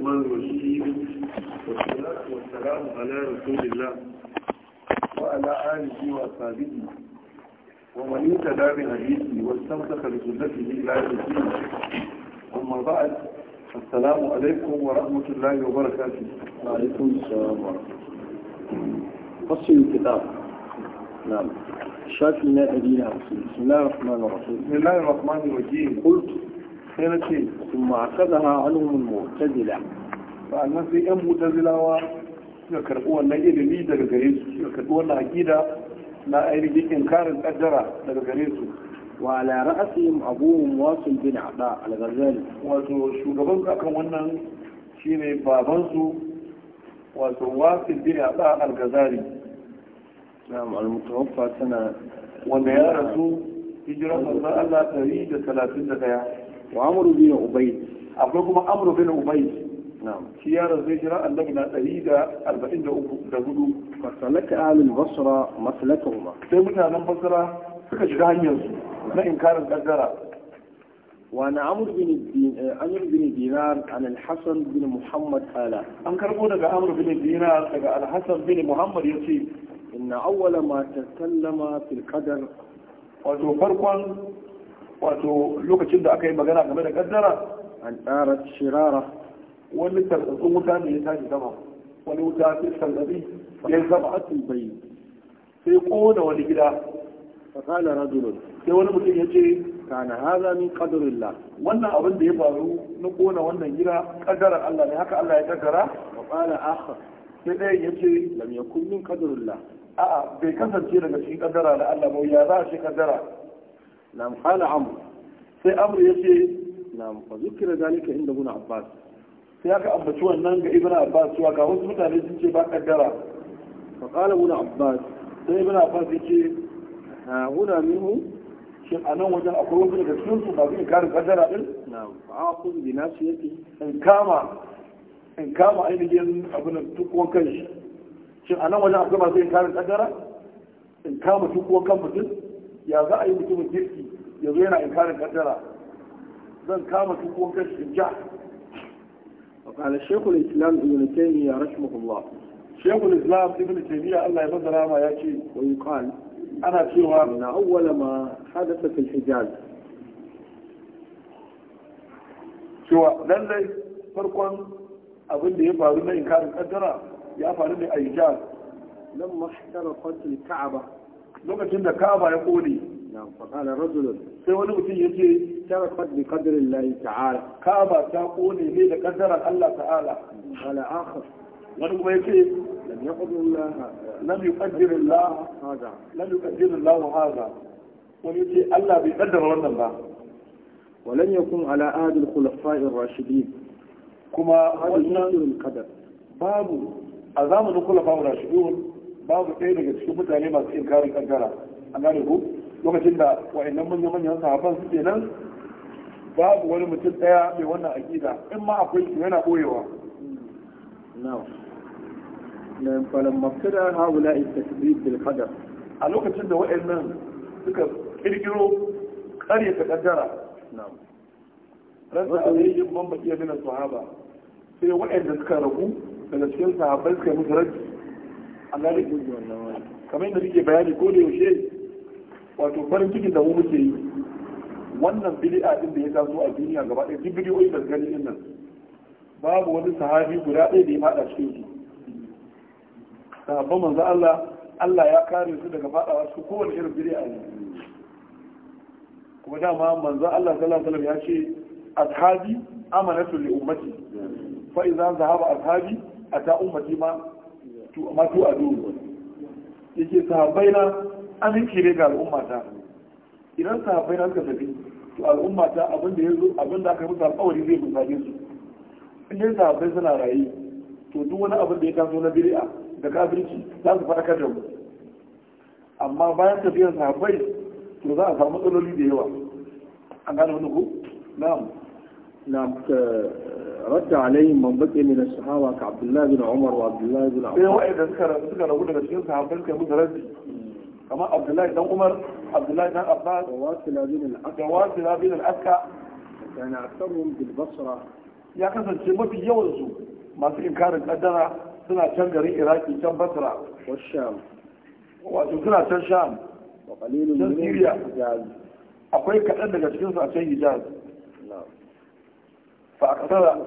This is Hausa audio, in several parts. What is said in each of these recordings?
الرحمن الرحيم والصلاة والسلام على رسول الله وعلى آله وأصحابه ومن اهتدى بهديه واستمسك بسنته إلى يوم الدين أما بعد السلام عليكم ورحمة الله وبركاته وعليكم السلام ورحمة الله فصل الكتاب نعم شاكل نادي بسم الله الرحمن الرحيم بسم الله الرحمن الرحيم قلت sai na ce ma kada ha alumun mu'tazila sannan sai yan mu'tazilawa suka karɓi wannan ilimi daga gare su suka karɓi wannan aqida na ainihin inkarin kaddara daga gare su wa ala ra'asihim abu muwasil bin ada al-ghazali wato shugaban akan wannan shine baban su wato wasil bin ada al-ghazali na'am al-mutawaffa sana wanda ya rasu hijiran manzon Allah 131 wa amru bin ubay akwai kuma amru bin ubay shi yaron zai jira annabi na ɗari da arba'in da uku da hudu masalaka alin basra masalaka sai mutanen basra suka shiga su na inkarin kaddara وعن عمرو بن عمرو بن دينار عن الحسن بن محمد قال أن كربونا عمرو بن دينار عن bin Muhammad محمد يسي إن أول ما تكلم في القدر farkon. wato lokacin da aka yi magana game da kaddara an tsara shirara wani tartsatsun wuta ne ya tashi sama wani wuta sai sarrafi ya zama asin bai sai kona wani gida fakala rajulun sai wani mutum ya ce kana haza min qadrillah wannan abin da ya faru na kona wannan gida kaddara Allah ne haka Allah ya kaddara wa qala akhar sai dai ya ce lam yakun min qadrillah a'a bai kasance daga cikin kaddara da Allah ba ya za shi kaddara nam qala amr sai amr ce na fa zukira zalika inda ibn abbas sai aka ambaci wannan ga ibn abbas cewa ga wasu mutane sun ce ba kaddara fa qala ibn abbas sai ibn abbas ya yace ha huna minhu shi a nan wajen akwai wasu daga cikin su ba zai karin kaddara din na'am fa aqul bi nasiyati in kama in kama ainihin abin tukwan kanshi shi a nan wajen akwai ba zai karin kaddara in kama tukwan kan mutum ya za a yi mutumin kirki ya zo yana inkarin kaddara zan kama tukon kan shinja وقال الشيخ الإسلام ابن تيمية رحمه الله شيخ الإسلام ابن تيمية الله يبدر ما يأتي ويقال أنا سوى من أول ما حدث في الحجاز سوى للي فرقا أظن لي يفعل إن كان قدرا يفعل لي لما احترقت الكعبة lokacin da kaba ya kone faqala rajulun sai wani mutum yace tarafat bi qadrillahi ta'ala kaba ta kone ne da qadarin Allah ta'ala wala akhar wani kuma yace lam yaqdirullah lam yuqdirillah hada lam yuqdirillah hada wani yace Allah bai kaddara wannan ba ولن يكون على عهد الخلفاء الراشدين كما هذا القدر باب أزام الخلفاء الراشدون babu ɗaya daga cikin mutane masu karin kankara a gane ku lokacin da wa'annan manyan manyan sahabban su nan babu wani mutum ɗaya mai wannan aƙida in ma akwai su yana ɓoyewa nan falon mafira haula istasbib bil qadar a lokacin da wa'annan suka kirkiro ƙarya ta kaddara rasa alayhim man baqiya min as-sahaba sai wa'anda suka ragu daga cikin sahabbai suka yi musu raji an gane kamar yadda suke bayani ko da yaushe wato farin ciki da mu muke yi wannan bid'a din da ya taso a duniya gaba ɗaya duk bidiyoyi da gani din nan babu wani sahabi guda ɗaya da ya faɗa cikin su sahabban manzo Allah Allah ya kare su daga faɗawa cikin kowane irin bid'a ne kuma dama manzo Allah sallallahu alaihi wasallam ya ce ashabi amanatu li ummati fa idza zahaba ashabi ata ummati ma to amma to a duhu yake sahabbai na aminci ne ga al'ummata idan sahabbai na suka tafi to al'ummata abin da ya zo abin da aka musu alƙawari zai musage su in dai sahabbai suna raye to duk wani abin da ya taso na bid'a da kafirci za su faɗakar da mu amma bayan tafiyar sahabbai to za a samu matsaloli da yawa an gane wani ku na'am نعم رد عليهم من بقي من الصحابة كعبد الله بن عمر وعبد الله بن عمر ايه وائد ذكر ذكر اقول لك شيخ صحابتك يا مدرسي كما عبد الله بن عمر عبد الله بن عباس وواصل بن الأكا وواصل بن الأكا كان أكثرهم بالبصرة يا كسر شمتي يوزو ما في إمكان القدرة سنة كان غري إراكي كان بصرة والشام وسنة كان شام وقليل من سوريا أقول كأنك شكرا عشان يجاز فأكثر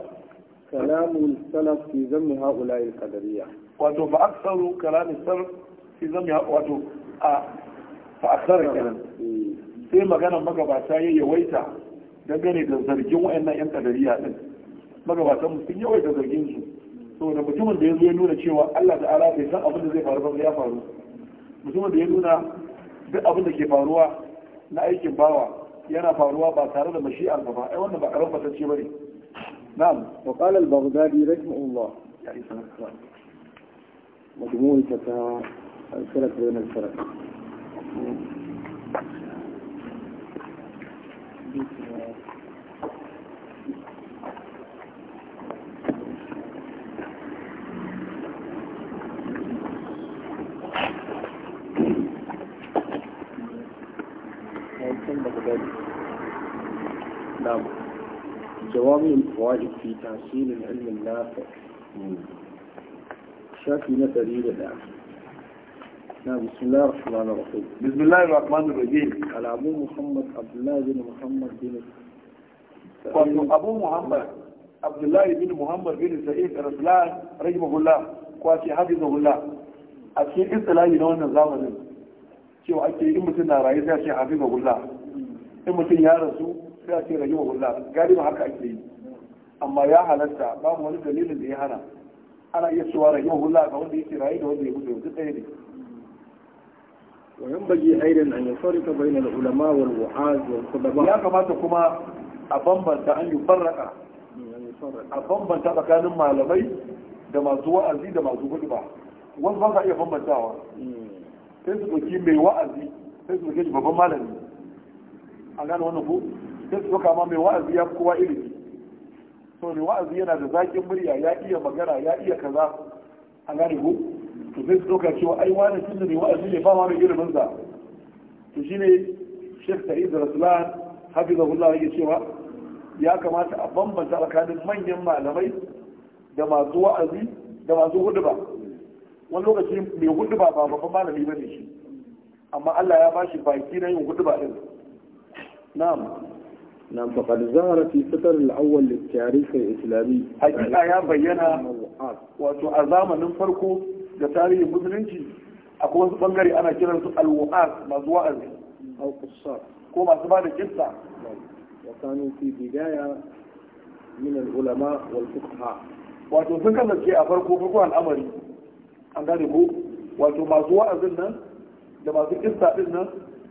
كلام السلف في ذم هؤلاء القدرية wato fa aksaru kalamin sar fi zan ya wato a fa aksara sai magana magabata ya yawaita dangane da zargin wayannan yan kadariya din magabatan mu sun yawaita zargin su saboda mutumin da ya zo ya nuna cewa Allah ta'ala bai san abin da zai faru ba ya faru mutumin da ya nuna duk abin da ke faruwa na aikin bawa yana faruwa ba tare da mashi'ar ba ai wannan ba karambatacce bane نعم وقال البغدادي رحمه الله مجموع فتاة الفرق بين الفرق نعم جوامع الفوائد في تحصيل العلم النافع شافي نتري لنا نعم بسم الله الرحمن الرحيم بسم الله الرحمن الرحيم على أبو محمد عبد الله بن محمد بن أبو محمد عبد الله بن محمد بن سعيد رسلان رحمه الله كواتي حفظه الله أكيد إصلاحي نوانا زامن cewa ake yi mutum na rayu sai a ce habiba gulla in mutum ya rasu sai a ce rayu wa hula galiba haka ake yi amma ya halatta babu wani dalilin da ya hana ana iya cewa rayu wa hula ga wanda yake rayu da wanda ya gudu yanzu ɗaya ne wayan baji aidan an yi sauri ka bayyana ulama wal wa'az wal kudaba ya kamata kuma a bambanta an yi farraka a bambanta tsakanin malamai da masu wa'azi da masu hudba Wani ba za iya bambantawa hmm. sai su ɗauki mai wa'azi sai su ɗauki babban malami a gane wannan ku? sai su doka ma mai wa'azi ya fi kowa ilimi so ne wa'azi yana da zaƙin murya ya iya magana ya iya kaza a gane ko to sai su doka cewa ai wani tun da mai wa'azi ne ba ma mai ilimin sa to shine Sheikh Sa'id Raslan hula yake cewa ya kamata a bambanta tsakanin manyan malamai da masu wa'azi da masu huduba wani lokaci mai huduba ba babban malami ba ne shi amma Allah ya bashi baki na yin huduba din na'am nan faƙad zara fi fitar al'awwal tarihi islami hakika ya bayyana wato a zamanin farko da tarihin musulunci akwai wasu bangare ana kiran su al-wu'as masu wa'azi ko masu ba da kissa wa kanu fi bidaya min al-ulama wal wato sun kallace a farko farko al'amari an gane wato masu wa'azin nan da masu kissa din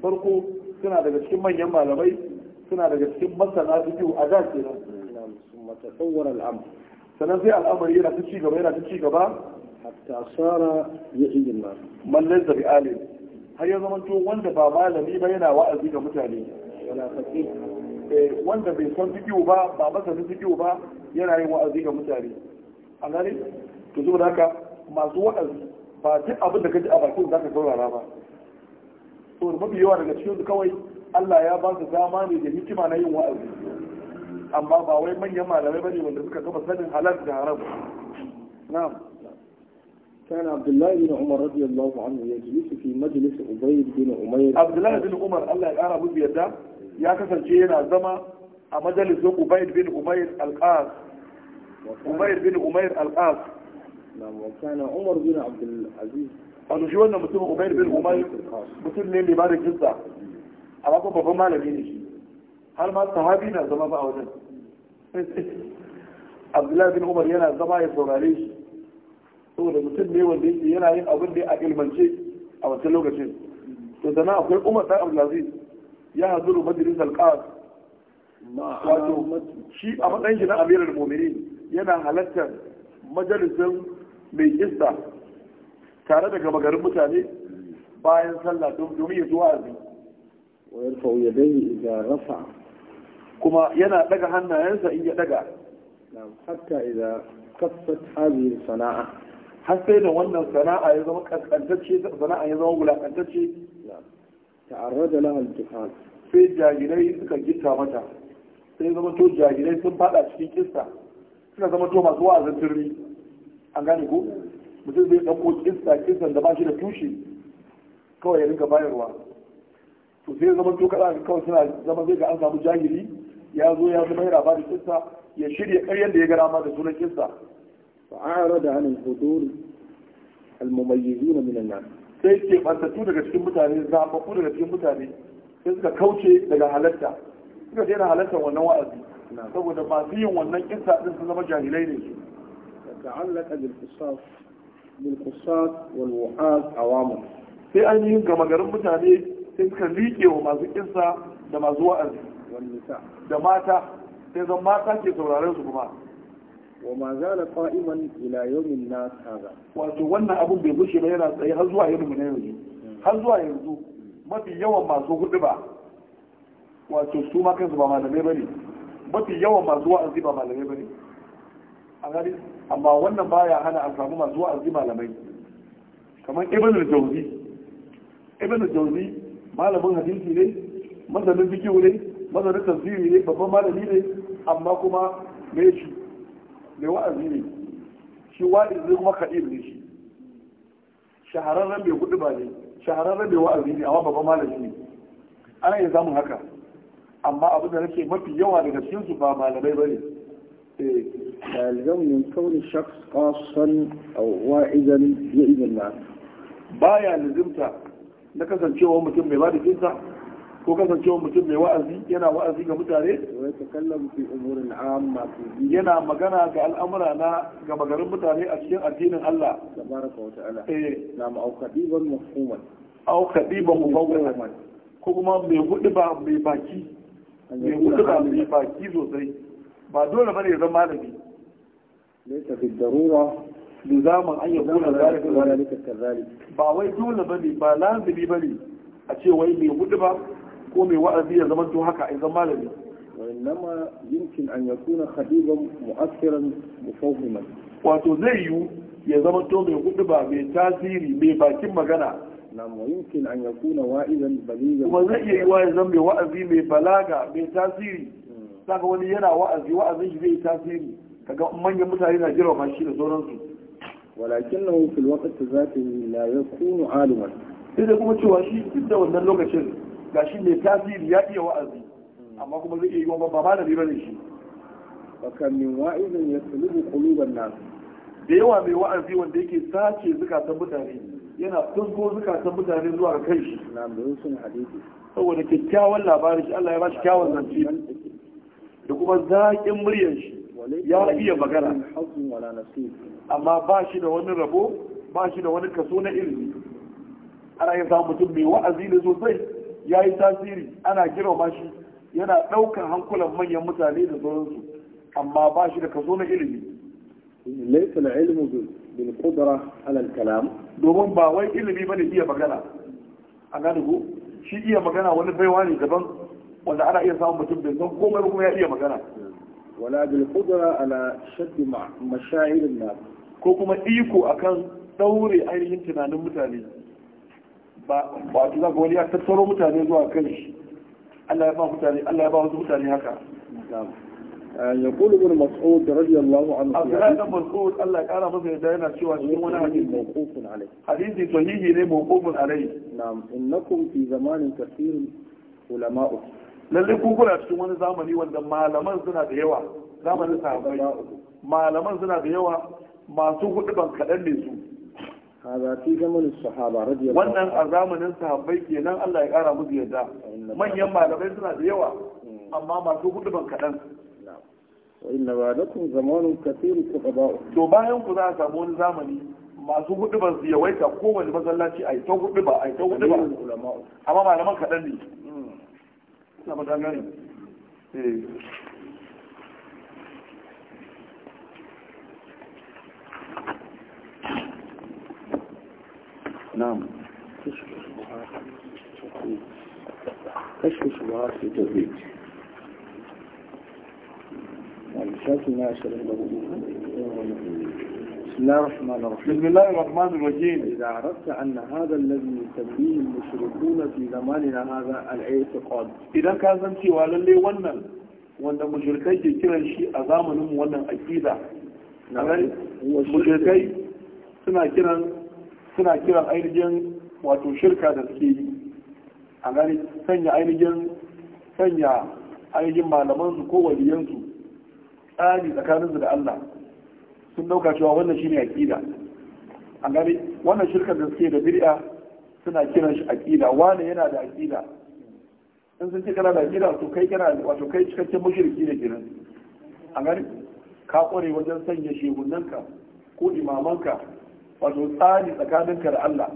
farko suna daga cikin manyan malamai suna daga cikin masana biyu a da kenan tsawon al'amur sannan sai al'amari yana ta ci gaba yana ta ci gaba hatta sara ya ijin nan mallan zabi alim har ya zama to wanda ba malami ba yana wa'azi ga mutane eh, wanda bai san fiqh ba ba masanin fiqh ba yana yin wa'azi ga mutane a gani to zuwa haka masu wa'azi ba duk abin da kaji a bakin za ka saurara ba to mafi yawa daga cikin kawai Allah ya ba su dama ne da hikima na yin wa'azi amma ba wai manyan malamai bane wanda suka kafa sanin halal da haram na'am كان عبد الله بن عمر رضي الله عنه يجلس في مجلس أبي بن عمير عبد الله بن عمر الله يقرأ أبو بيدا يا كسر جينا زما مجلس أبي بن عمير القاس عمير بن عمير القاس نعم وكان عمر بن عبد العزيز أنا شو أنا مثل عمير بن عمير مثل ليه اللي بارك جدا amma ko babban malami ne shi har ma sahabi na zama ba a wajen abdullahi bin umar yana zama ya saurare shi saboda mutum ne wanda yake yana yin abin da ya ilmance a wancan lokacin to sannan akwai umar ta abdulaziz ya hazuru majalis alqas wato shi a matsayin shi na amirar mu'minin yana halartar majalisin mai kista tare da gama mutane bayan sallah domin ya zuwa azi wa yarfa yadayhi idza rafa kuma yana daga hannayensa in ya daga hatta idza kaffat hadhihi sana'a har sai da wannan sana'a ya zama kaskantacce sana'a ya zama wulakantacce ta'arrada laha al sai jagirai suka gitta mata sai zama to jagirai sun fada cikin kissa suna zama to masu wa'azin turmi an gane ko mutum zai ɗauko kisa kissan da ba shi da tushe kawai ya rinka bayarwa to sai zama to kada kawai suna zama zai ga an samu jahili ya zo ya zama yana ba da kissa ya shirya karyar da ya gara ma da sunan kissa fa arada an al-hudur al-mumayyizun min an-nas sai ke bantattu daga cikin mutane zaɓaɓɓu daga cikin mutane sai suka kauce daga halatta suka daina halartar wannan wa'azi saboda masu yin wannan kissa din sun zama jahilai ne su ta'allaka bil qisas bil qisas wal wuhad awamun sai an yi gama garin mutane sai suka liƙe wa masu kinsa da masu wa'azi da mata sai zan mata ke sauraren su kuma wa ma zala qa'iman ila yawmin nas hada wato wannan abun bai bushe ba yana tsaye har zuwa yau na yanzu har zuwa yanzu mafi yawan masu hudu ba wato su ma kansu ba malamai bane mafi yawan masu wa'azi ba malamai bane a gari amma wannan baya hana a samu masu wa'azi malamai kamar ibn al-jawzi ibn jawzi malamin hadisi ne mazanin fikiyu ne mazanin tafsiri ne babban malami ne amma kuma me shi mai wa'azi ne shi wa'azi ne kuma kadir ne shi shahararren mai kudu ba ne shahararren mai wa'azi ne amma babban malami ne ana yin samun haka amma abin da nake mafi yawa daga cikin su ba malamai ba ne الجو من كون شخص خاصا أو واعظا يئذ الناس بايا لزمتا na kasancewa mutum mai bada kinsa ko kasancewa mutum mai wa'azi yana wa'azi ga mutane yana magana ga al'amura na ga magarin mutane a cikin addinin Allah tabaraka wa ta'ala eh na ma'auqadiban mafhuman aw kadiban mufawwaman ko kuma mai hudu ba mai baki mai hudu ba mai baki sosai ba dole bane ya zama malami laysa bid darura lizaman an yabo na zalika zalika kazali ba wai dole bane ba lazimi bane a ce wai mai hudu ba ko mai wa'azi ya zama haka malami وإنما يمكن أن يكون خطيبا مؤثرا مفهما wato zai yiwu ya zama mai hudu ba mai tasiri mai bakin magana nam yumkin an yakuna wa'idan kuma zai iya ya mai wa'azi mai balaga mai tasiri saka wani yana wa'azi wa'azin shi zai tasiri kaga manyan mutane na jira shi da sauransu ولكنه في الوقت ذاته لا يكون عالما إذا كما تشوى شيء جدا wannan lokacin gashi mai tasiri ya iya wa'azi amma kuma zai iya ba ba ne shi fa min wa'izin yaslubu quluban nas da yawa mai wa'azi wanda yake sace zukatan mutane yana tunko zukatan mutane zuwa ga kai shi na mun sun hadisi saboda kyakkyawan labarin shi Allah ya ba shi kyawun da kuma zaƙin muryar shi ya iya magana amma ba shi da wani rabo ba shi da wani kaso na ilimi ana yin samun mutum mai wa'azi ne sosai ya yi tasiri ana girma shi yana ɗaukar hankulan manyan mutane da sauransu amma ba shi da kaso na ilimi laysa al-ilmu bil kudura alal kalam domin ba wai ilimi bane iya magana a gane ko shi iya magana wani baiwa ne daban wanda ana iya samun mutum bai san komai kuma ya iya magana wala bil qudra ala shadd ko kuma iko akan daure ainihin tunanin mutane ba wato za ga wani ya tattaro mutane zuwa kan shi Allah ya ba mutane Allah ya ba wasu mutane haka يقول ابن مسعود رضي الله عنه عبد الله بن مسعود الله قال ما في داينا شو شيء وانا حديث موقوف عليه حديث صحيح ليه موقوف عليه نعم انكم في زمان كثير علماء lallai ku kuna cikin wani zamani wanda malaman suna da yawa zamanin sahabbai malaman suna da yawa masu hudu ban kaɗan ne su wannan a zamanin sahabbai kenan Allah ya ƙara musu yadda manyan malamai suna da yawa hmm. amma masu hudu ban kaɗan inna ba da kun zamanin kasirin ba to bayan ku za a samu wani zamani masu hudu ban su yawaita kowane masallaci a yi ta hudu ba a yi ta hudu ba amma malaman kaɗan ne na ba gane eh. na'am kashfi بسم الله الرحمن الرحيم بسم الله الرحمن الرحيم إذا عرفت أن هذا الذي يسميه المشركون في زماننا هذا الاعتقاد إذا كان زمتي ولا لي wanda mushirkai ke kiran shi a zamanin wannan aƙida suna kiran ainihin wato shirka da suke sanya ainihin malamansu ko waliyansu tsari tsakaninsu da Allah sun dauka cewa wannan shine aqida an gani, wannan shirkar da suke da bid'a suna kiran shi aqida wani yana da aqida in sun ce kana da aqida to kai kana wato kai cikakken mushriki ne kiran an gani, ka kware wajen sanya shehunanka ko imamanka wato tsari tsakaninka da Allah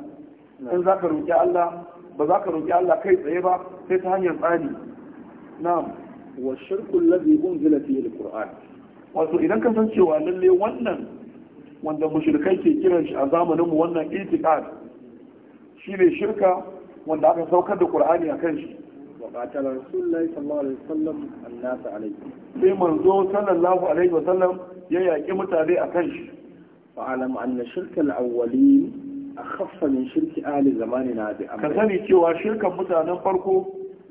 in za ka roƙi Allah ba za ka roƙi Allah kai tsaye ba sai ta hanyar tsari na'am wa shirkul ladhi unzila fihi alquran wato idan ka san cewa lalle wannan wanda mushrikai ke kiran shi a zamanin mu wannan itiqad ne shirka wanda aka saukar da qur'ani akan shi wa qatala rasulullahi sallallahu alaihi wasallam annas alaihi sai manzo sallallahu alaihi wasallam ya yaki mutane akan shi fa alam anna shirka alawwalin awwalin akhaffa min shirki ahli zamanina bi amma ka sani cewa shirkan mutanen farko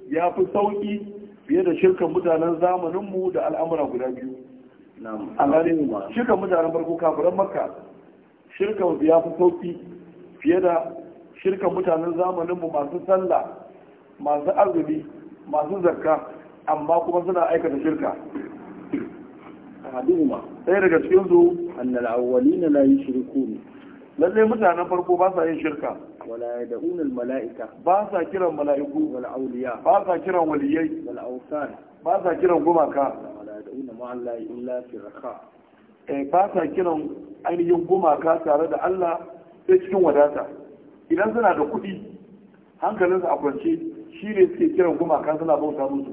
ya fi sauki fiye da shirkan mutanen zamaninmu da al'amura guda biyu an gane shirkan mutanen farko kafiran makka shirkan ya fi sauki fiye da shirkan mutanen zamanin mu masu sallah masu arziki masu zakka amma kuma suna aikata shirka ahaduhuma sai daga cikin su annal awwalina la yushrikun lalle mutanen farko ba sa yin shirka wala yad'un al mala'ika ba sa kiran mala'iku wala auliya ba sa kiran waliyai wala awsan ba sa kiran gumaka yad'una ma Allah illa firqa eh ba sa kiran ainihin gumaka tare da Allah sai cikin wadata idan suna da kuɗi hankalinsu a kwance shi ne suke kiran gumaka suna bauta musu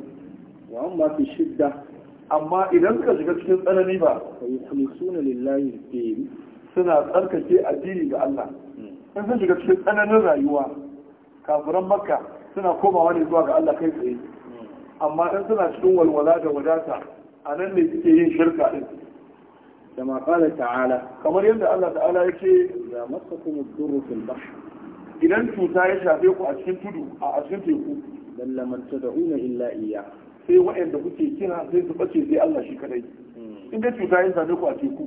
wa amma fi shidda amma idan suka shiga cikin tsanani ba fa yukhlisuna lillahi din suna tsarkake addini ga Allah hmm. in sun shiga cikin tsananin rayuwa kafiran makka suna komawa ne zuwa ga Allah kai tsaye hmm. amma in suna cikin walwala da wadata a nan ne suke yin shirka din Kamar قال Allah Ta'ala يبدا الله تعالى يكي اذا مسكم الضر في Idan cuta ya shafe ku a cikin tudu a cikin teku lalla man tad'una illa iya sai wa'anda kuke kira sai su bace sai Allah shi kadai hmm. in da cuta ya shafe ku a teku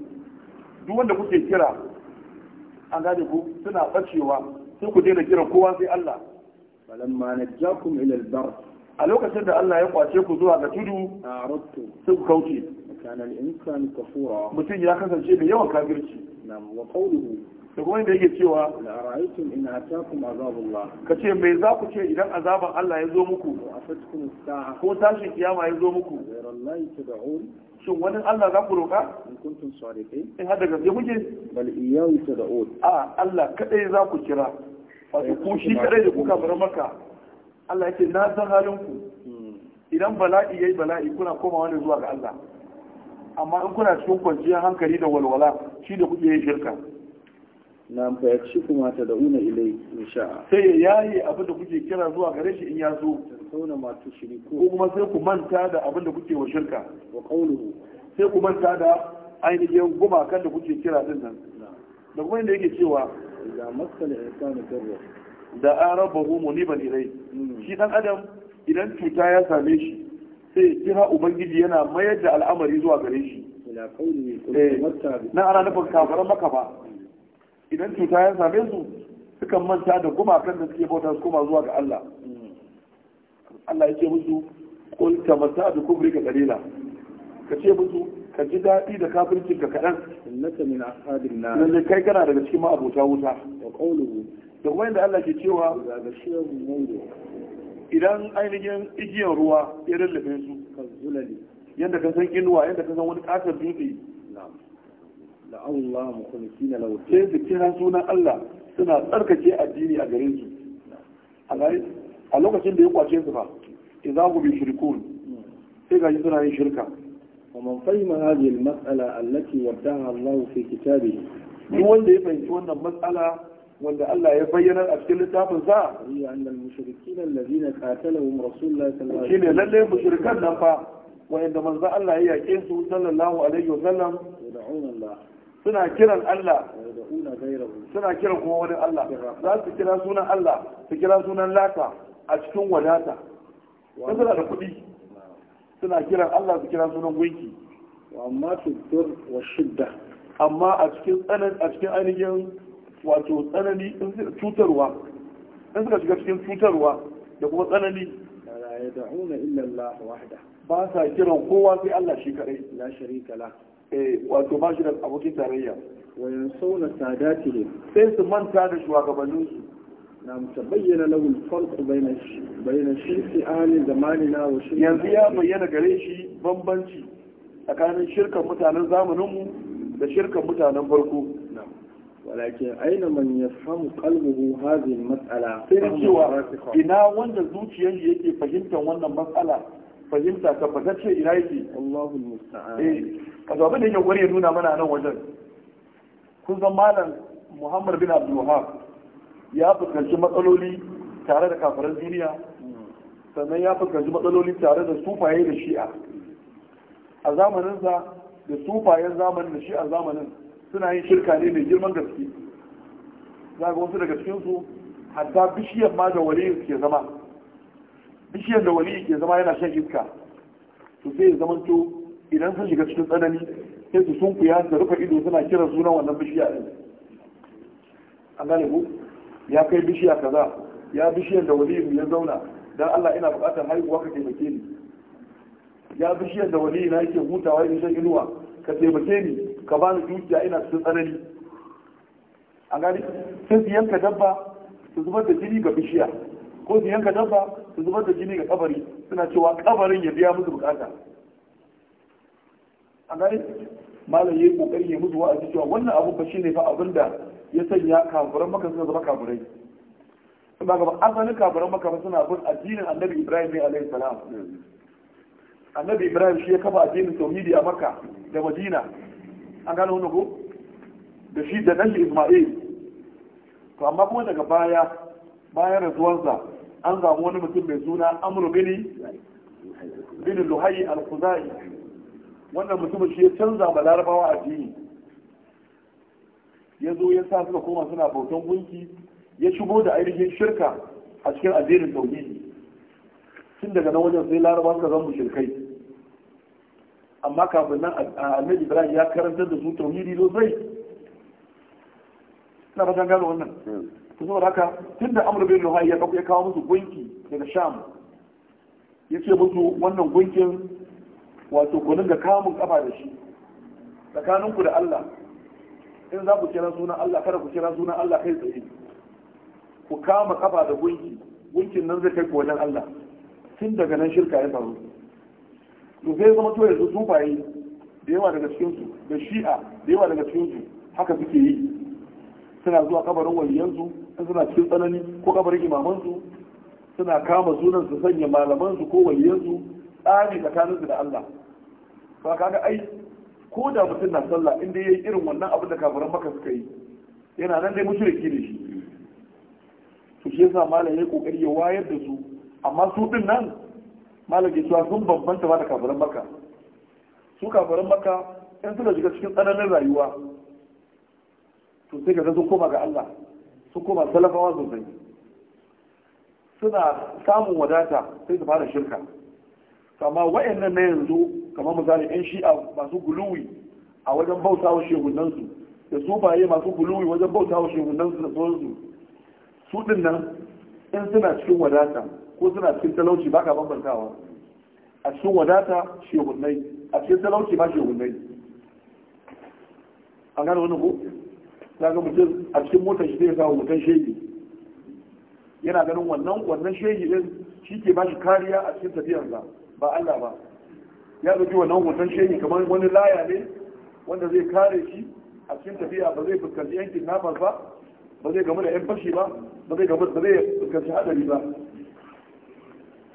duk wanda kuke kira an gane ku suna bacewa sai ku daina kira kowa sai Allah balamma najjakum ila al-barr a lokacin da Allah ya kwace ku zuwa ga tudu sun ku kauce mutum ya kasance mai yawan kafirci da kuma inda yake cewa Ka ce mai za ku ce idan azaban Allah ya zo muku ko tashin kiyama ya zo muku shin wani Allah za ku roƙa in kuntum gaske kuke bal a Allah kaɗai za ku kira wato ku shi da kuka bar maka Allah yake na san halin ku idan bala'i yayi bala'i kuna komawa ne zuwa ga Allah amma in kuna cikin kwanciyar hankali da walwala shi da kuke yin shirka na fa ta da una ilai insha sai yayi abin da kuke kira zuwa gare shi in ya zo kauna ma shiriku ko kuma sai ku manta da abin da kuke wa shirka wa qawluhu sai ku manta da ainihin gumakan da kuke kira din nan da kuma inda yake cewa idan masal insani darra da an raba homo ni ban ilai shi dan adam idan cuta ya same shi sai kira ubangiji yana mayar da al'amari zuwa gare shi eh, na ana nufin kafaran maka ba idan cuta ya same su sukan manta da gumakan da suke bauta su koma zuwa ga Allah Allah yake musu kul tamatta bi kubrika dalila.' ka ce musu ka ji daɗi da kafircin ka kaɗan. Innaka min ashabin nar. kai kana daga cikin ma'abota wuta. Wa qawluhu da kuma inda Allah ke cewa idan ainihin igiyar ruwa ya lallabe su yadda ka san inuwa yadda ka san wani kasar dutse da Allah mukhlisin lahu sai su kira sunan Allah suna tsarkake addini a garin su a lokacin da ya kwace su fa idza hu bi shirkun sai ga suna yin shirka ومن فهم هذه المسألة التي ودعها Allah fi كتابه Ni wanda ya fahimci wannan matsala. wanda Allah ya bayyana a cikin littafin sa ya annal mushrikin alladhina qatalahum rasulullahi sallallahu alaihi wasallam shine lalle mushrikan nan fa wanda manzo Allah ya yake su sallallahu alaihi wasallam yad'una Allah suna kiran Allah suna kiran kuma wani Allah za su kira sunan Allah su kira sunan lata a cikin wadata suna da kuɗi suna kiran Allah su kira sunan gunki amma tudur wa shidda amma a cikin tsanan a cikin ainihin wato tsanani cutarwa in suka shiga cikin cutarwa da kuma tsanani la yad'una illa Allah wahda ba sa kiran kowa sai Allah shi kadai la sharika la eh wato ba shi da abokin tarayya wa yansawna sadatihim sai su manta da Na shugabanninsu نعم تبين له الفرق بين بين شرك اهل زماننا وشرك yanzu ya bayyana gare shi bambanci tsakanin shirkan mutanen zamaninmu da shirkan mutanen farko walakin aina man yafhamu qalbuhu hadhihi al-mas'ala cewa ina wanda zuciyar yake fahimtar wannan matsala fahimta ta ina yake Allahu musta'an eh kaza gwari ya nuna mana nan wajen kun malam Muhammad bin Abdul ya fuskanci matsaloli tare da sannan ya fuskanci matsaloli tare da sufaye da shi'a a zamanin da sufayen zamanin da shi'a zamanin suna yin shirka ne mai girman gaske za ga wasu daga cikinsu hatta bishiyar ma da wali ke zama bishiyar da wali ke zama yana shan iska to sai ya zamanto idan sun shiga cikin tsanani sai su kuya su rufe ido suna kiran sunan wannan bishiya ɗin an gane ya kai bishiya kaza ya bishiyar da waliyin ya zauna dan Allah ina buƙatar haihuwa ka taimake ni ya bishiyar da waliyu na yake hutawa yake shan inuwa ka taimake ni ka ba ni dukiya ina cikin tsanani a gani sai su yanka dabba su zubar da jini ga bishiya ko su yanka dabba su zubar da jini ga kabari suna cewa kabarin ya biya musu bukata a gani malam yi kokari ya musu wa'azi cewa wannan abu fa shine fa abin da ya sanya kafuran maka suna zama kafurai ba ga asalin kafuran maka suna bin addinin annabi ibrahim ne alayhi salam annabi ibrahim shi ya kafa addinin tauhidi a makka da madina an gano wani ko da shi da nan ismail to amma kuma daga baya bayan rasuwansa an samu wani mutum mai suna amuru bini bini luhayi al-khuzai wannan mutumin shi ya canza ba larabawa a jini ya zo ya sa suka koma suna bautan gunki ya shigo da ainihin shirka a cikin addinin tauhidi tun daga nan wajen sai larabawa suka zama shirkai amma kafin nan annabi ibrahim ya karantar da su tauhidi zai ina fatan gano wannan to saboda haka tunda amru bin luhai ya ya kawo musu gunki daga sham ya ce musu wannan gunkin wato ku dinga kamun kafa da shi tsakaninku da Allah in za ku kira sunan Allah kada ku kira sunan Allah kai tsaye ku kama kafa da gunki gunkin nan zai kai ku wajen Allah tun daga nan shirka ya faru to sai zama to yanzu sufaye da yawa daga cikinsu da shi'a da yawa daga cikinsu haka suke yi suna zuwa kabarin waliyansu suna cikin tsanani ko kabarin imamansu suna kama sunan su sanya malamansu ko waliyansu tsari tsakaninsu da Allah ba kaga ai ko da mutum na sallah inda yayi irin wannan abin da kafiran maka suka yi yana nan dai mushriki ne shi to shi yasa malam ya kokari ya wayar da su amma su din nan malaki suwa sun bambanta ba da kafiran maka su kafiran maka in suna shiga cikin tsananin rayuwa to sai ga sun koma ga Allah sun koma salafawa sosai suna samun wadata sai su fara shirka amma wa'annan na yanzu kamar misali yan shi'a masu guluwi a wajen bauta wa shehunansu da su baye masu guluwi wajen bauta wa shehunansu da sauransu su din nan in suna cikin wadata ko suna cikin talauci ba ka bambantawa a cikin wadata shehunnai a cikin talauci shi shehunnai an gane wani ku? Ta ga mutum a cikin motar shi zai samu mutum shege yana ganin wannan wannan shege din shi ke ba shi kariya a cikin tafiyarsa ba Allah ba ya ɗauki wannan hoton shege kamar wani laya ne wanda zai kare shi a cikin tafiya ba zai fuskanci yankin nafas ba ba zai gamu da yan fashi ba ba zai gamu da zai fuskanci hadari ba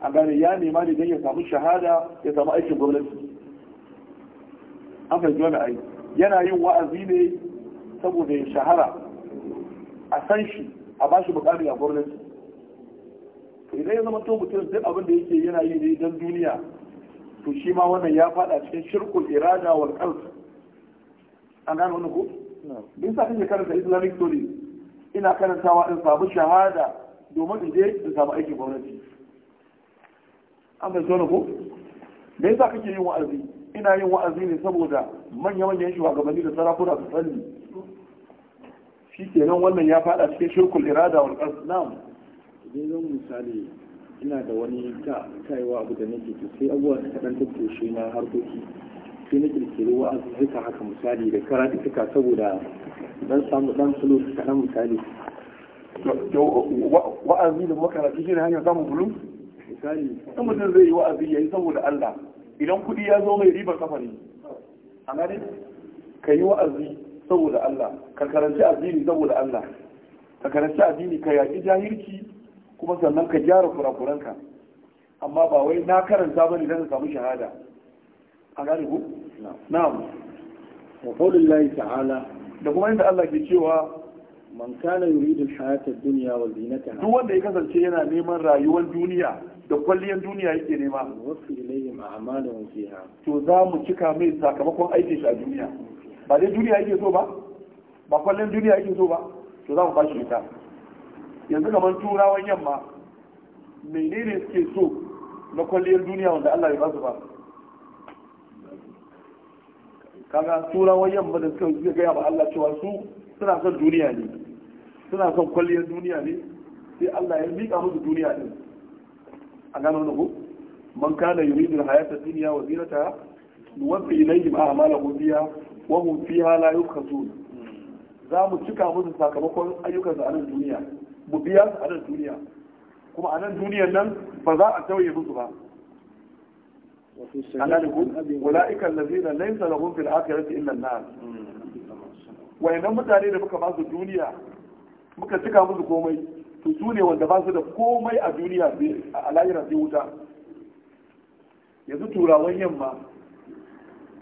a gane ya nema ne don ya samu shahada ya samu aikin gwamnati an fahimci wani aiki yana yin wa'azi ne saboda ya shahara a san shi a ba shi bukari a gwamnati idan ya zama to mutum duk abin da yake yana yi ne don duniya to shi ma wannan ya fada cikin shirkul irada wal qalb an gane wannan ko bin sa kake karanta islamic story ina karantawa in samu shahada domin in je in samu aikin gwamnati an bai tona ko me yasa kake yin wa'azi ina yin wa'azi ne saboda manya-manyan shugabanni da sarakuna su sani shi ke nan wannan ya fada cikin shirkul irada wal qasd na'am idan zan misali ina da wani ta kaiwa abu da nake ki sai abubuwa ta kadan take shi na harkoki sai na kirkiri wa'azi ka haka misali da karatu suka saboda dan samu dan sulu kadan misali wa'azi da makarantu shi ne hanyar samun bulu misali in mutum zai yi wa'azi ya yi saboda Allah idan kuɗi ya zo mai riba kafa ne a gane ka yi wa'azi saboda Allah ka karanci addini saboda Allah ka karanci addini ka yaƙi jahilci kuma sannan ka gyara kurakuranka amma ba wai na karanta ba ne don ka samu shahada a gane ku na'am wa qaulillahi ta'ala da kuma inda Allah ke cewa man kana yuridu hayata dunya wa zinataha duk wanda ya kasance yana neman rayuwar duniya da kwalliyar duniya yake nema wasu ilayhim to za mu cika mai sakamakon aikin shi a duniya ba dai duniya yake so ba ba kwallon duniya yake so ba to za mu ba shi ita yanzu kamar turawan yamma menene suke so na kwalliyar duniya wanda Allah ya ba su ba kaga turawan yamma da suka gaya ba Allah cewa su suna son duniya ne suna son kwalliyar duniya ne sai Allah ya miƙa musu duniya din. an gano wani man kana yuridu hayata dunya wa zinata nuwaffi ilayhim a'malahum fiha wa hum fiha la yukhazun za mu cika musu sakamakon ayyukansu a nan duniya mu biya su a nan duniya kuma a nan duniyan nan ba za a tauye musu ba ula'ikan lazina laisa lahum fil akhirati illa an-nar wayannan mutane da muka ba duniya muka cika musu komai to su ne wanda ba su da komai a duniya a lahira zai wuta yanzu turawan yamma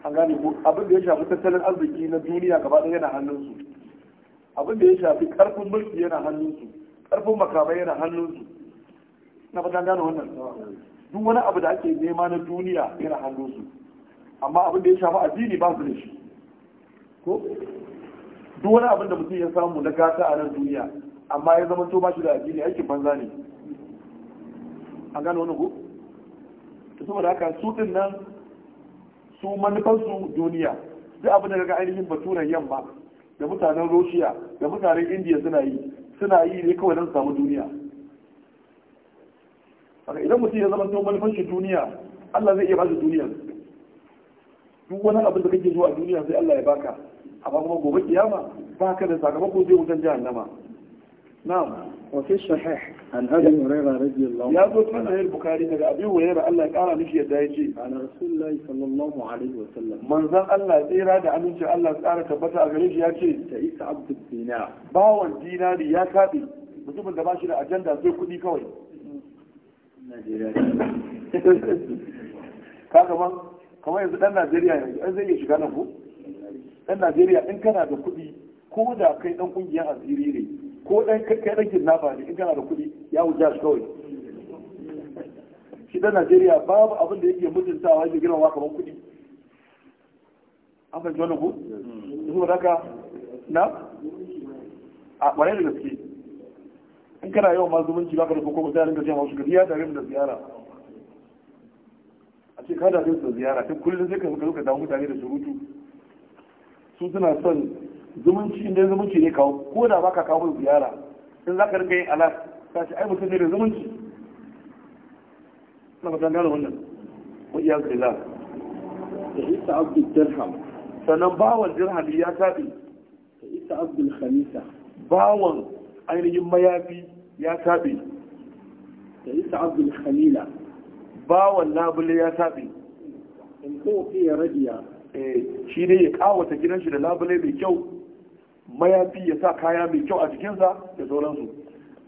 an gane ko abin da ya shafi tattalin arziki na duniya gaba ɗaya yana hannunsu abin da ya shafi karfin mulki yana hannunsu karfin makamai yana hannunsu na fata gane wannan duk wani abu da ake nema na duniya yana hannunsu amma abin da ya shafi addini ba su da shi ko duk wani abin da mutum ya samu na gata a nan duniya amma ya zama to ba shi da addini aikin banza ne an gano wani ku to saboda haka su din nan su manufansu duniya duk abin da ga ainihin baturen yamma da mutanen roshiya da mutanen indiya suna yi suna yi ne kawai don samu duniya idan mutum ya zama to manufanshi duniya allah zai iya ba shi duniya duk wani abin da kake zuwa duniya sai allah ya baka amma kuma gobe kiyama ba ka da sakamako zai wutan jahannama نعم وفي الصحيح عن ابي هريره رضي الله عنه يا من البخاري daga abi hurairah Allah ya kara mishi yadda yace ana rasulullahi sallallahu tsira da aminci Allah ya kara tabbata a gare shi yace ta isa abdul bawon dinari ya kabe mutumin da ba shi da ajanda sai kuɗi kawai ka kaman yanzu dan Najeriya yanzu an zai iya shiga nan ko dan Najeriya in kana da kuɗi ko da kai dan kungiyar asiri ne ko ɗan kai ɗan kidnapper ne in kana da kuɗi ya wuce shi kawai shi ɗan Najeriya babu abin da yake mutuntawa yake girma kamar kuɗi an fahimci wannan ku yanzu ba ka na a ɓare da gaske in kana yawan ma zumunci ba da koko ba sai a rinka cewa wasu gari ya tare da ziyara a ce ka da su da ziyara ta kullum sai ka zuka damu mutane da surutu su suna son zumunci inda zumunci ne kawo ko da baka kawo mai ziyara in za ka rika yin alas ta ce ai mutum ne da zumunci na ba gano wannan wa iya zila da isa abdul dirham sannan bawan dirham ya tabi da isa abdul khamisa bawan ainihin mayafi ya tabi da isa abdul khalila bawan labule ya tabi in ko ya rajiya eh, shi ne ya kawata gidan shi da labule mai kyau mayafi ya sa kaya mai kyau a jikinsa da sauransu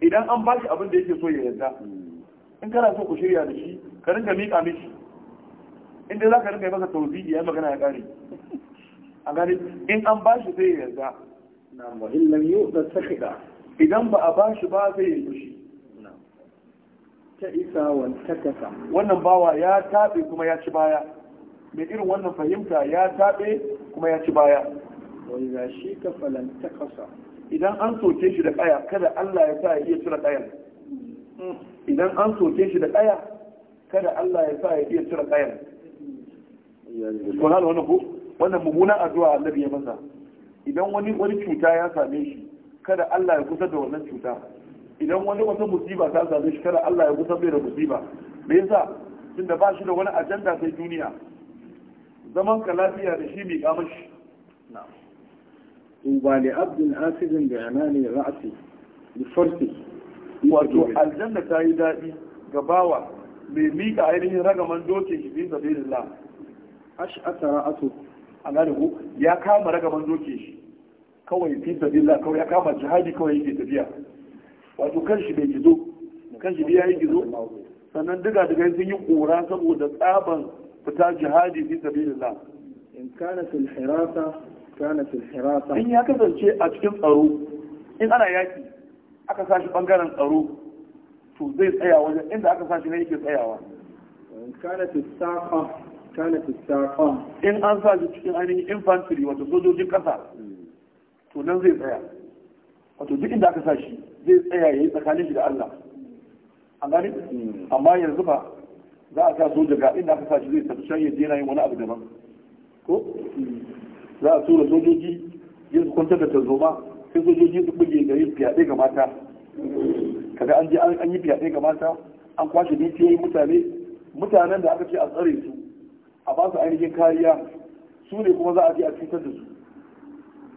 idan an ba shi abin da yake so ya yarda in kana so ku shirya da shi ka rinka miƙa mishi in dai za ka rinka yi masa tauzi'i ya magana ya ƙare a gani in an ba shi sai ya yarda na da sakida idan ba a ba shi ba sai ya yi fushi ta isa wantakasa wannan bawa ya taɓe kuma ya ci baya mai irin wannan fahimta ya taɓe kuma ya ci baya wanda shi ka falanta kasa idan an soke shi da ƙaya kada Allah ya sa ya iya cire ƙayar idan an soke shi da ƙaya kada Allah ya sa ya iya cire ƙayar ko wani wannan ko wannan mummuna addu'a Allah ya masa idan wani wani cuta ya same shi kada Allah ya kusa da wannan cuta idan wani wata musiba ta same shi kada Allah ya kusa da musiba me yasa tunda ba shi da wani ajanda sai duniya zaman ka lafiya da shi mai kamashi na'am tuba li abdin asijin da yanani ra'asi da farfi wato aljanna ta yi dadi ga bawa mai miƙa ainihin ragaman dokin shi bisa bin la Ash ra'atu a gane ya kama ragaman dokin shi kawai fi sabila kawai ya kama jihadi kawai yake tafiya wato kan shi bai gizo kan shi bai yi gizo sannan diga daga sun yi kura saboda tsaban fita jihadi fi sabilillah in kana fil hirasa in ya kasance a cikin tsaro in ana yaki aka sashi bangaren tsaro to zai tsaya wajen inda aka sashi ne yake tsayawa in an sashi cikin ainihin infantry wato sojojin kasa to nan zai tsaya wato duk inda aka sashi zai tsaya ya yi tsakanin shi da Allah hmm. amma yanzu ba za a sa soja ga inda aka sashi zai tafi can yana yin wani abu daban ko hmm. za a tura sojoji yin su kwantar da tarzoma sai sojoji su buge yin fyaɗe ga mata kaga an je an yi fyaɗe ga mata an kwashe dukiyoyin mutane mutanen da aka ce a tsare su a ba su ainihin kariya su ne kuma za a je a cutar da su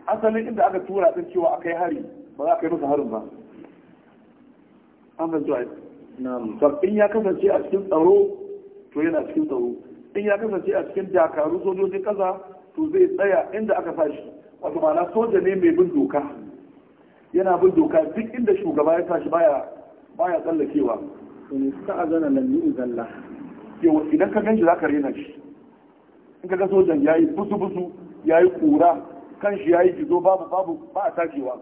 asalin inda aka tura ɗin cewa a kai hari ba za a kai musu harin ba an fahimci a in ya kasance a cikin tsaro to yana cikin tsaro in ya kasance a cikin dakaru sojojin ƙasa to zai tsaya inda aka sa shi wato ma'ana soja ne mai bin doka yana bin doka duk inda shugaba ya tashi baya baya tsallakewa to in ka azana lam yu'zan la yawa idan ka ganshi zaka rena shi in ka ga sojan yayi busu busu yayi kura kan shi yayi gizo babu babu ba a tashiwa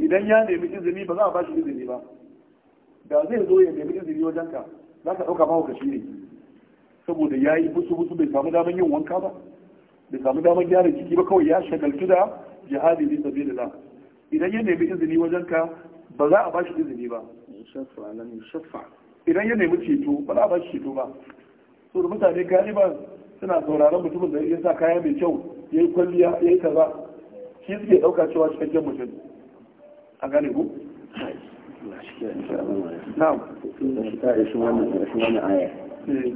idan ya nemi izini ba za a bashi izini ba da zai zo ya nemi izini wajen ka za ka ɗauka mahaukaci ne saboda ya yi busu busu bai samu damar yin wanka ba bai samu damar gyara jiki ba kawai ya shagaltu da jihadi bi sabilillah idan ya nemi izini wajen ka ba za a ba shi izini ba idan ya nemi ceto ba za a ba shi ceto ba so da mutane galiban suna sauraron mutumin da ya sa kaya mai kyau ya yi kwalliya ya yi kaza shi suke ɗauka cewa cikakken mutum a gane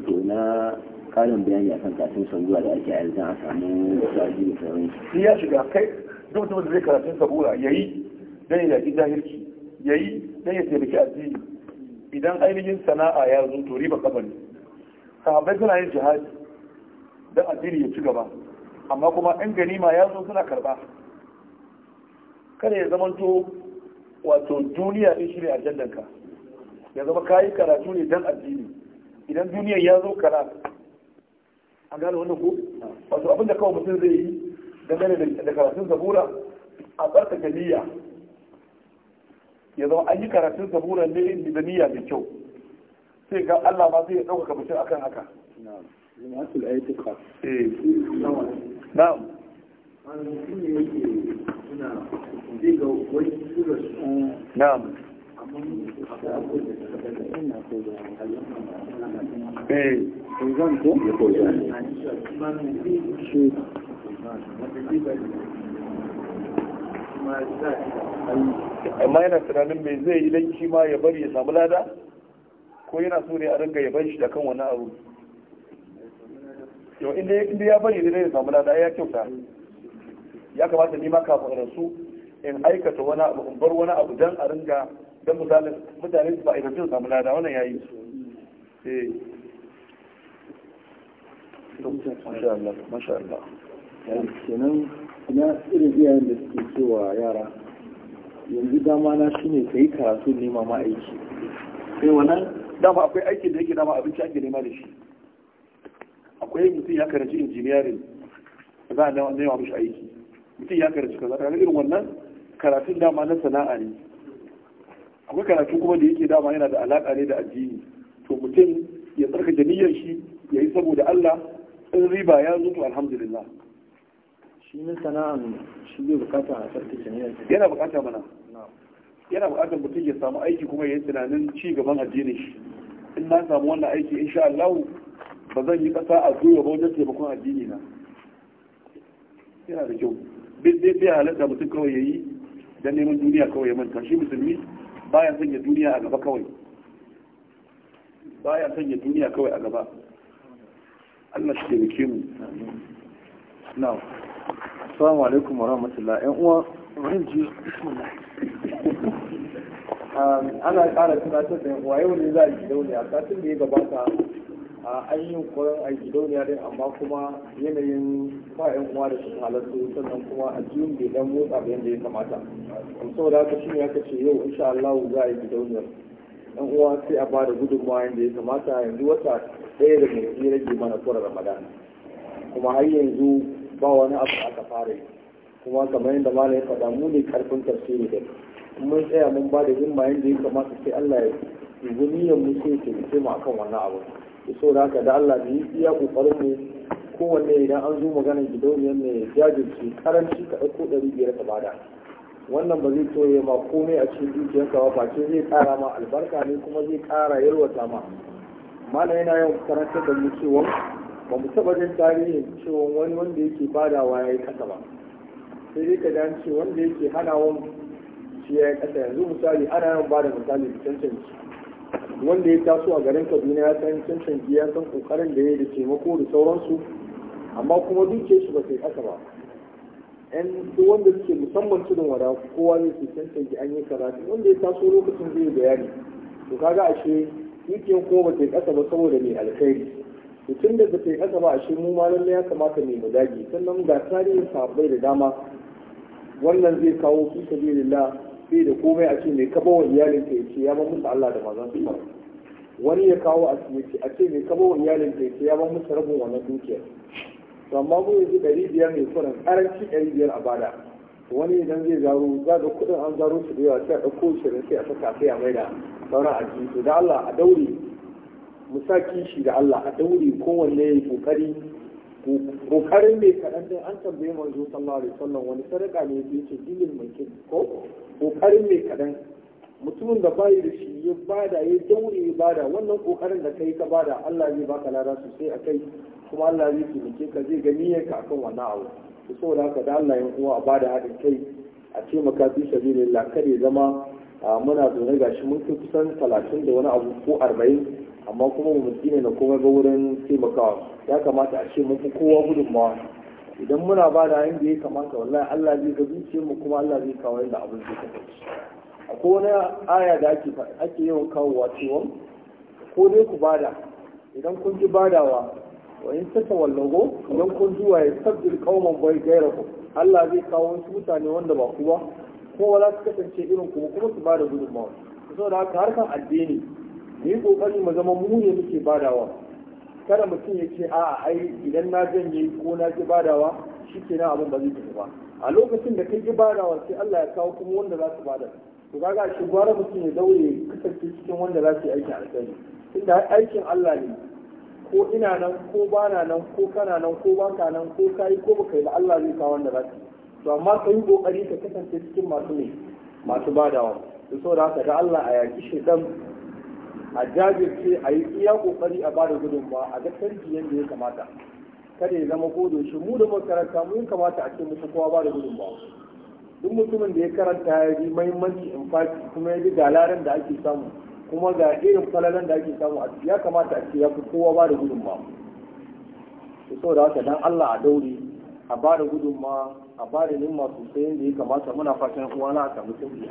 ku na'am ƙarin bayani akan karatun sabura da ake ayyuka a samu sa'adi da sauran shi ya shiga kai duk mutum da zai karatun sabura ya yi don ya yaƙi jahilci ya yi don ya taimaki addini idan ainihin sana'a ya zo to riba kafa ne sahabbai suna yin jihadi don addini ya ci gaba amma kuma in ganima ya zo suna karɓa kada ya to wato duniya ɗin shi ne ajandanka ya zama kayi karatu ne don addini idan duniyar ya zo kara an gane wannan ku? wato abinda kawai mutum zai yi da dangane da karatun zabura a tsarkake niyya ya zama an yi karatun zabura ne da niyya mai kyau sai ga Allah ma zai ya ɗaukaka mutum akan haka na'am eh. na'am eh zan ko amma yana tunanin mai zai yi lanki ma ya bari ya samu lada ko yana so ne a ringa ya shi da kan wani abu yau inda ya bari ne ya samu lada ya kyauta ya kamata ni ma kafin rasu in aikata wani abu in bar wani abu don a ringa don misalin mutane ba a yi da mulada wannan yayi su eh. da suke cewa yara yanzu dama na shine kai karatu nema ma aiki sai eh, wannan dama akwai aikin da yake dama abinci ake nema da shi akwai mutum ya karanci injiniyarin za a nema mishi aiki mutum ya karanci kaza kaga irin wannan karatun dama na sana'a ne akwai karatu kuma da yake dama yana da alaƙa ne da addini to mutum ya tsarka jami'ar shi ya yi saboda Allah in riba ya zo to alhamdulillah shi ne sana'a shi zai bukata a tsarki jami'ar yana bukata mana yana bukatar mutum ya samu aiki kuma ya yi tunanin ci gaban addinin shi in na samu wannan aiki insha Allah ba zan yi kasa a zuwa ba wajen taimakon addini na yana da kyau bai halatta mutum kawai ya yi dan neman duniya kawai ya manta shi musulmi baya sanya duniya a gaba kawai baya sanya duniya kawai a gaba Allah shi taimake mu now assalamu alaikum wa rahmatullah ƴan uwa rinji um, ana ƙara tunatar da yan uwa yau ne za a yi daune a satin da ya gabata A yi kuran a gidauniya dai amma kuma yanayin ba yan uwa da su halattu sannan kuma a cikin bai dan motsa ba yadda ya kamata saboda haka shine aka ce yau insha Allah za a yi gidauniyar yan uwa sai a ba da gudunmawa yadda ya kamata yanzu wata ɗaya da mai rage mana kura Ramadan kuma har yanzu ba wani abu aka fara yi kuma kamar yadda malam ya faɗa mu ne karfin tafsiri da mun tsaya mun ba da himma yadda ya kamata sai Allah ya yi niyyar mu sai ya taimake mu akan wannan abu so da haka da Allah da yi iya kokarin mu kowanne idan an zo magana gidauniyar ne jajirce karanci ka ɗauko ɗari biyar ka bada wannan ba zai toye ma komai a cikin dukiyarka ba face zai ƙara ma albarka ne kuma zai ƙara yalwata ma mana yana yawan karantar da mu cewa ba mu taɓa jin tarihin cewa wani wanda yake badawa ya yi kasa ba sai dai ka dace wanda yake hanawan shi ya yi kasa yanzu misali ana yawan bada misali da cancanci wanda ya taso a garin kaduna ya san cancan ya san kokarin da ya yi da taimako da sauransu amma kuma duke shi ba sai haka ba yan duk wanda suke musamman da wada kowa ne su cancanci an yi karatu wanda ya taso lokacin zai bayani to kaga ashe dukiyan kuma ba sai kasa ba saboda mai alkhairi to tun da ba sai kasa ba ashe mu ma ne ya kamata mai mu dage sannan ga tarihin sahabbai da dama wannan zai kawo fi sabilillah sai da komai a ce mai kaba wa iyalinka ya ce ya ba musu Allah da mazan su wani ya kawo a ce a ce mai kaba wa iyalinka ya ce ya ba musu rabin wannan dukiyar to amma mu yanzu ɗari biyar mai kuɗin ƙaranci ɗari biyar a bada wani idan zai zaro za ga kuɗin an zaro su da yawa sai a ɗauko shi sai a saka sai a maida sauran a jiki to da Allah a daure mu sa kishi da Allah a daure kowanne ya yi ƙoƙari kokarin mai kaɗan din an tambaye manzo sallallahu alaihi wasallam wani sadaka ne yake ce dilin mulkin ko kokarin mai kaɗan mutumin da bai da shi ya bada ya daure ya bada wannan kokarin da kai ka bada Allah zai baka lada a kai kuma Allah zai taimake ka zai ga niyyarka akan wannan abu to saboda haka da Allah ya uwa a bada hadin kai a ce maka fi sabilillah kare zama muna zaune gashi mun kai kusan talatin da wani abu ko arba'in amma kuma mu ne na komai ga wurin taimakawa ya kamata a ce mun fi kowa gudunmawa idan muna ba da ya kamata wallahi Allah zai ga zuciyar mu kuma Allah zai kawo yadda abin zai kasance akwai wani aya da ake ake yawan kawowa cewa ko dai ku bada idan kun ji badawa wa in tata wallago idan kun ji wa yastabdil qauman bai ku Allah zai kawo wasu mutane wanda ba ku ba kuma wala su kasance irin ku kuma su bada gudunmawa saboda haka harkan addini mu yi kokari mu zama mu ne muke badawa kada mutum ya ce a ai idan na janye ko na ki badawa shi ke nan abin ba zai tafi ba a lokacin da kai ki badawa sai Allah ya kawo kuma wanda za su bada to kaga shi gwara mutum ya daure kasance cikin wanda za su yi aikin alkhairi tunda aikin Allah ne ko ina nan ko ba na nan ko kana nan ko ba ka nan ko kai ko baka yi ba Allah zai kawo wanda za su to amma ka yi kokari ka kasance cikin masu ne masu badawa to saboda haka da Allah a yaki dan a jajirce a yi iya kokari a bada gudunmawa a ga canji yadda ya kamata kada ya zama ko da mu da makaranta mu kamata a ce musu kowa gudun gudunmawa duk mutumin da ya karanta ya ji mahimmanci in fati kuma ya ji galarin da ake samu kuma ga irin falalan da ake samu ya kamata a ce ya fi kowa ba bada gudunmawa to da haka dan Allah a daure a ba gudun gudunmawa a ba da nimma sosai yadda ya kamata muna fatan uwana a samu sauki